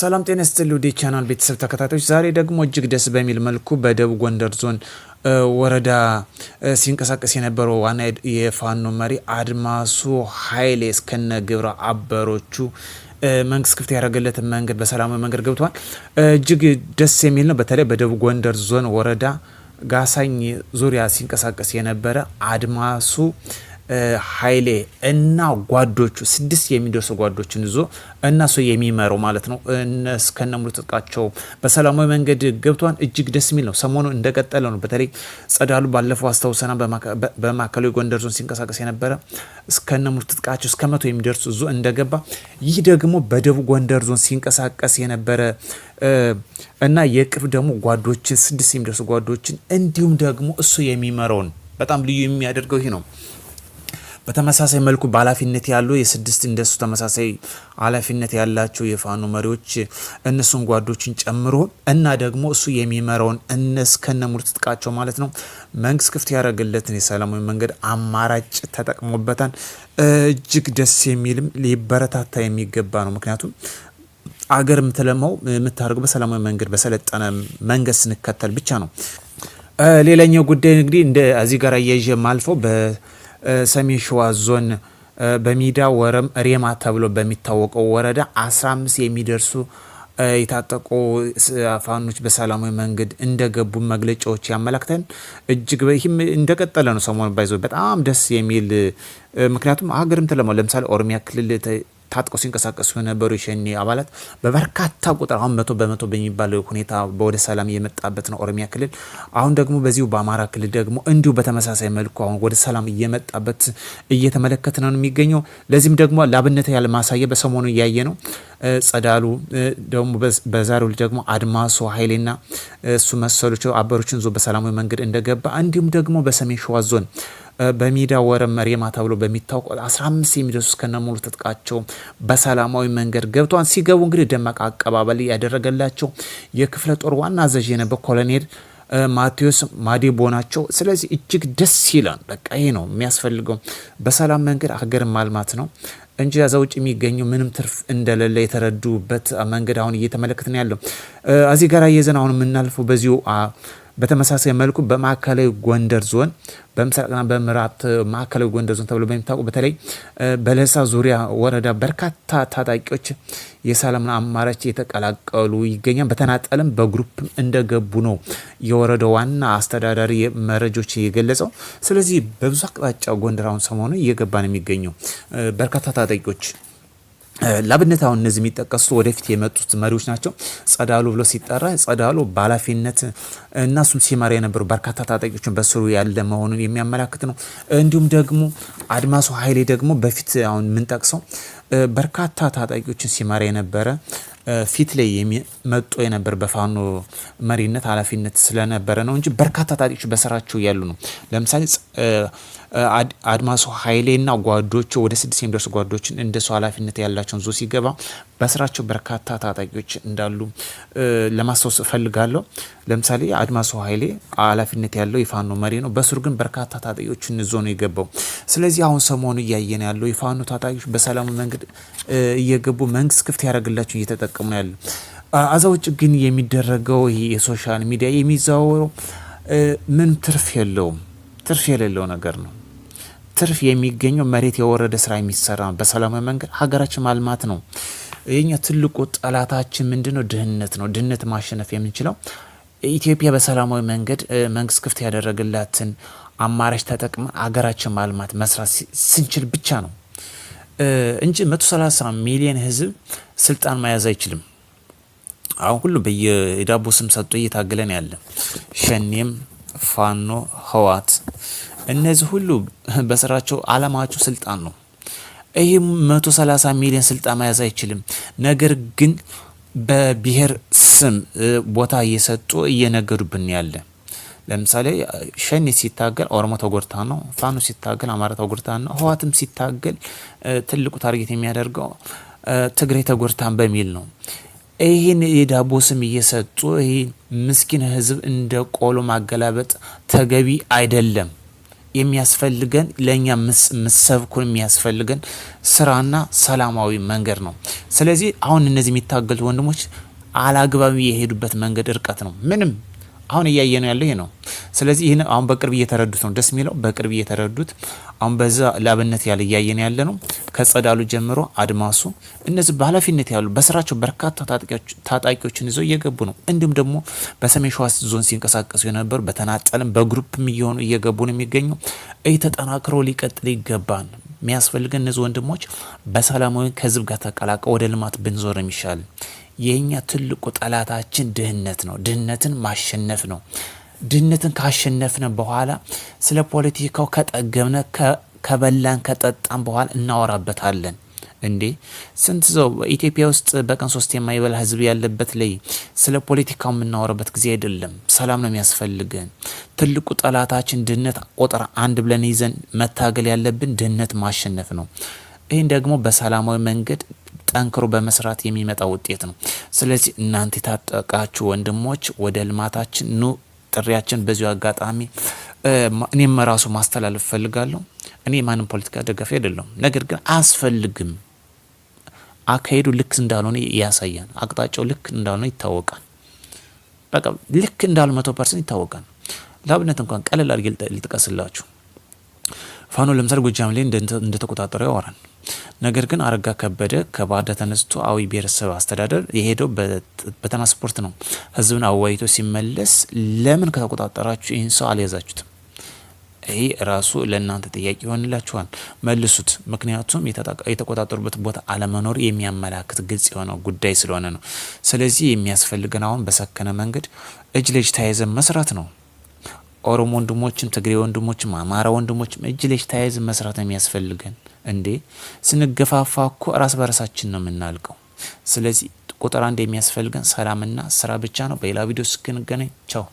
ሰላም ጤና ስትል ውዴ ቻናል ቤተሰብ ተከታታዮች፣ ዛሬ ደግሞ እጅግ ደስ በሚል መልኩ በደቡብ ጎንደር ዞን ወረዳ ሲንቀሳቀስ የነበረው ዋና የፋኖ መሪ አድማሱ ኃይሌ እስከነ ግብረ አበሮቹ መንግስት ክፍት ያደረገለት መንገድ በሰላማዊ መንገድ ገብተዋል። እጅግ ደስ የሚል ነው። በተለይ በደቡብ ጎንደር ዞን ወረዳ ጋሳኝ ዙሪያ ሲንቀሳቀስ የነበረ አድማሱ ኃይሌ እና ጓዶቹ ስድስት የሚደርሱ ጓዶችን ይዞ እነሱ የሚመራው ማለት ነው እስከነ ሙሉ ትጥቃቸው በሰላማዊ መንገድ ገብቷን እጅግ ደስ የሚል ነው። ሰሞኑ እንደቀጠለ ነው። በተለይ ጸዳሉ ባለፈው አስታውሰና በማዕከላዊ ጎንደር ዞን ሲንቀሳቀስ የነበረ እስከነ ሙሉ ትጥቃቸው እስከ መቶ የሚደርሱ እዞ እንደገባ፣ ይህ ደግሞ በደቡብ ጎንደር ዞን ሲንቀሳቀስ የነበረ እና የቅርብ ደግሞ ጓዶችን ስድስት የሚደርሱ ጓዶችን እንዲሁም ደግሞ እሱ የሚመራውን በጣም ልዩ የሚያደርገው ይህ ነው። በተመሳሳይ መልኩ በኃላፊነት ያሉ የስድስት እንደሱ ተመሳሳይ ኃላፊነት ያላቸው የፋኖ መሪዎች እነሱን ጓዶችን ጨምሮ እና ደግሞ እሱ የሚመራውን እነስከነ ሙሉ ትጥቃቸው ማለት ነው መንግስት ክፍት ያደረገለትን የሰላማዊ መንገድ አማራጭ ተጠቅሞበታል። እጅግ ደስ የሚልም ሊበረታታ የሚገባ ነው። ምክንያቱም አገር የምትለማው የምታደርገው በሰላማዊ መንገድ በሰለጠነ መንገድ ስንከተል ብቻ ነው። ሌላኛው ጉዳይ እንግዲህ እንደ እዚህ ጋር እያይዤ ማልፈው ሰሜን ሸዋ ዞን በሚዳ ወረም ሬማ ተብሎ በሚታወቀው ወረዳ 15 የሚደርሱ የታጠቁ ፋኖች በሰላማዊ መንገድ እንደገቡ መግለጫዎች ያመላክተን እጅግ ይህም እንደቀጠለ ነው። ሰሞኑ ባይዞ በጣም ደስ የሚል ምክንያቱም ሀገርም ተለማ ለምሳሌ ኦሮሚያ ክልል ታጥቆ ሲንቀሳቀሱ የነበሩ የሸኔ አባላት በበርካታ ቁጥር አሁን መቶ በመቶ በሚባል ሁኔታ ወደ ሰላም እየመጣበት ነው ኦሮሚያ ክልል። አሁን ደግሞ በዚሁ በአማራ ክልል ደግሞ እንዲሁ በተመሳሳይ መልኩ አሁን ወደ ሰላም እየመጣበት እየተመለከት ነው የሚገኘው። ለዚህም ደግሞ ላብነት ያለ ማሳያ በሰሞኑ እያየ ነው ጸዳሉ ደግሞ በዛሬው ደግሞ አድማሶ ኃይሌና እሱ መሰሎች አበሮችን ዞ በሰላማዊ መንገድ እንደገባ እንዲሁም ደግሞ በሰሜን ሸዋ ዞን በሜዳ ወረም መሬማ ተብሎ በሚታወቀው 15 የሚደርሱ እስከነ ሙሉ ትጥቃቸው በሰላማዊ መንገድ ገብተዋል። ሲገቡ እንግዲህ ደማቅ አቀባበል ያደረገላቸው የክፍለ ጦር ዋና አዛዥ የነበረው ኮሎኔል ማቴዎስ ማዴቦ ናቸው። ስለዚህ እጅግ ደስ ይላል። በቃ ይሄ ነው የሚያስፈልገው። በሰላም መንገድ ሀገር ማልማት ነው እንጂ ያዛ ውጭ የሚገኙ ምንም ትርፍ እንደሌለ የተረዱበት መንገድ አሁን እየተመለከትን ያለው እዚህ ጋር የዘን አሁን የምናልፈው በዚሁ በተመሳሳይ መልኩ በማዕከላዊ ጎንደር ዞን በምስራቅና በምዕራብ ማዕከላዊ ጎንደር ዞን ተብሎ በሚታወቁ በተለይ በለሳ ዙሪያ ወረዳ በርካታ ታጣቂዎች የሰላምን አማራጭ የተቀላቀሉ ይገኛል። በተናጠልም በግሩፕም እንደገቡ ነው የወረዳው ዋና አስተዳዳሪ መረጆች የገለጸው። ስለዚህ በብዙ አቅጣጫ ጎንደር አሁን ሰሞኑ እየገባ ነው የሚገኘው በርካታ ታጣቂዎች ላብነት አሁን እነዚህ የሚጠቀሱ ወደፊት የመጡት መሪዎች ናቸው። ጸዳሉ ብሎ ሲጠራ ጸዳሉ በኃላፊነት እና እሱም ሲመራ የነበሩ በርካታ ታጣቂዎችን በስሩ ያለ መሆኑን የሚያመላክት ነው። እንዲሁም ደግሞ አድማሱ ኃይሌ ደግሞ በፊት አሁን የምንጠቅሰው በርካታ ታጣቂዎችን ሲመራ የነበረ ፊት ላይ መጦ የነበር በፋኖ መሪነት ኃላፊነት ስለነበረ ነው እንጂ በርካታ ታጣቂዎች በስራቸው ያሉ ነው። ለምሳሌ አድማሱ ኃይሌና ጓዶቹ ወደ ስድስት የሚደርሱ ጓዶችን እንደሱ ኃላፊነት ያላቸውን ዞ ሲገባ በስራቸው በርካታ ታጣቂዎች እንዳሉ ለማስታወስ እፈልጋለሁ። ለምሳሌ አድማሱ ኃይሌ ኃላፊነት ያለው የፋኖ መሪ ነው። በስሩ ግን በርካታ ታጣቂዎችን እዞ ነው የገባው። ስለዚህ አሁን ሰሞኑ እያየን ያለው የፋኖ ታጣቂዎች በሰላሙ መንገድ እየገቡ መንግስት ክፍት ያደረግላቸው እየተጠቀሙ ያለ አዛ ውጭ ግን የሚደረገው የሶሻል ሚዲያ የሚዘዋወረው ምን ትርፍ የለውም። ትርፍ የሌለው ነገር ነው። ትርፍ የሚገኘው መሬት የወረደ ስራ የሚሰራ ነው፣ በሰላማዊ መንገድ ሀገራችን ማልማት ነው። የኛ ትልቁ ጠላታችን ምንድነው ነው? ድህነት ነው። ድህነት ማሸነፍ የምንችለው ኢትዮጵያ በሰላማዊ መንገድ መንግስት ክፍት ያደረግላትን አማራጭ ተጠቅመ ሀገራችን ማልማት መስራት ስንችል ብቻ ነው እንጂ 130 ሚሊዮን ህዝብ ስልጣን መያዝ አይችልም። አሁን ሁሉ በየዳቦ ስም ሰጡ እየታገለን ያለ ሸኔም ፋኖ፣ ህዋት እነዚህ ሁሉ በስራቸው አላማቸው ስልጣን ነው። ይህም መቶ ሚሊዮን ስልጣን መያዝ አይችልም። ነገር ግን በብሔር ስም ቦታ እየሰጡ እየነገዱብን ያለ ለምሳሌ ሸኔ ሲታገል ኦሮሞ ተጎድታ ነው። ፋኖ ሲታገል አማራ ተጎድታ ነው። ህዋትም ሲታገል ትልቁ ታርጌት የሚያደርገው ትግሬ ተጎድታን በሚል ነው። ይህን የዳቦ ስም እየሰጡ ይህ ምስኪን ህዝብ እንደ ቆሎ ማገላበጥ ተገቢ አይደለም። የሚያስፈልገን ለእኛ ምሰብኩን የሚያስፈልገን ስራና ሰላማዊ መንገድ ነው። ስለዚህ አሁን እነዚህ የሚታገሉት ወንድሞች አላግባቢ የሄዱበት መንገድ እርቀት ነው ምንም አሁን እያየ ነው ያለው ይሄ ነው። ስለዚህ ይህን አሁን በቅርብ እየተረዱት ነው ደስ የሚለው በቅርብ እየተረዱት አሁን በዛ ላብነት ያለ እያየ ነው ያለ ነው። ከጸዳሉ ጀምሮ አድማሱ፣ እነዚህ በኃላፊነት ያሉ በስራቸው በርካታ ታጣቂዎችን ይዘው እየገቡ ነው። እንዲሁም ደግሞ በሰሜን ሸዋ ዞን ሲንቀሳቀሱ የነበሩ በተናጠልም በግሩፕም እየሆኑ እየገቡ ነው የሚገኙ። ይህ ተጠናክሮ ሊቀጥል ይገባል። የሚያስፈልገን እነዚህ ወንድሞች በሰላማዊ ከህዝብ ጋር ተቀላቀው ወደ ልማት ብንዞር የሚሻል። የእኛ ትልቁ ጠላታችን ድህነት ነው። ድህነትን ማሸነፍ ነው። ድህነትን ካሸነፍነ በኋላ ስለ ፖለቲካው ከጠገብነ ከበላን ከጠጣን በኋላ እናወራበታለን። እንዴ ስንት ሰው ኢትዮጵያ ውስጥ በቀን ሶስት የማይበላ ህዝብ ያለበት ላይ ስለ ፖለቲካው የምናወረበት ጊዜ አይደለም። ሰላም ነው የሚያስፈልገን። ትልቁ ጠላታችን ድህነት ቁጥር አንድ ብለን ይዘን መታገል ያለብን ድህነት ማሸነፍ ነው። ይህን ደግሞ በሰላማዊ መንገድ ጠንክሮ በመስራት የሚመጣ ውጤት ነው። ስለዚህ እናንተ የታጠቃችሁ ወንድሞች ወደ ልማታችን ኑ። ጥሪያችን በዚሁ አጋጣሚ እኔም ራሱ ማስተላለፍ እፈልጋለሁ። እኔ የማንም ፖለቲካ ደጋፊ አይደለሁም። ነገር ግን አያስፈልግም አካሄዱ ልክ እንዳልሆነ ያሳያል። አቅጣጫው ልክ እንዳልሆነ ይታወቃል። በቃ ልክ እንዳልሆነ መቶ ፐርሰንት ይታወቃል። ለአብነት እንኳን ቀለል አድርጌ ልጥቀስላችሁ። ፋኖ ለምሳሌ ጎጃም ላይ እንደተቆጣጠረው ያወራል። ነገር ግን አረጋ ከበደ ከባህርዳር ተነስቶ አዊ ብሔረሰብ አስተዳደር የሄደው በትራንስፖርት ነው። ህዝብን አዋይቶ ሲመለስ ለምን ከተቆጣጠራችሁ ይህን ሰው አልያዛችሁትም? ይሄ ራሱ ለእናንተ ጥያቄ ይሆንላችኋል። መልሱት። ምክንያቱም የተቆጣጠሩበት ቦታ አለመኖር የሚያመላክት ግልጽ የሆነ ጉዳይ ስለሆነ ነው። ስለዚህ የሚያስፈልገን አሁን በሰከነ መንገድ እጅ ለእጅ ተያይዘን መስራት ነው። ኦሮሞ ወንድሞችም፣ ትግሬ ወንድሞችም፣ አማራ ወንድሞችም እጅ ለእጅ ተያይዘን መስራት ነው የሚያስፈልገን። እንዴ ስንገፋፋ እኮ ራስ በራሳችን ነው የምናልቀው። ስለዚህ ቁጥር አንድ የሚያስፈልገን ሰላምና ስራ ብቻ ነው። በሌላ ቪዲዮ እስክንገናኝ ቻው።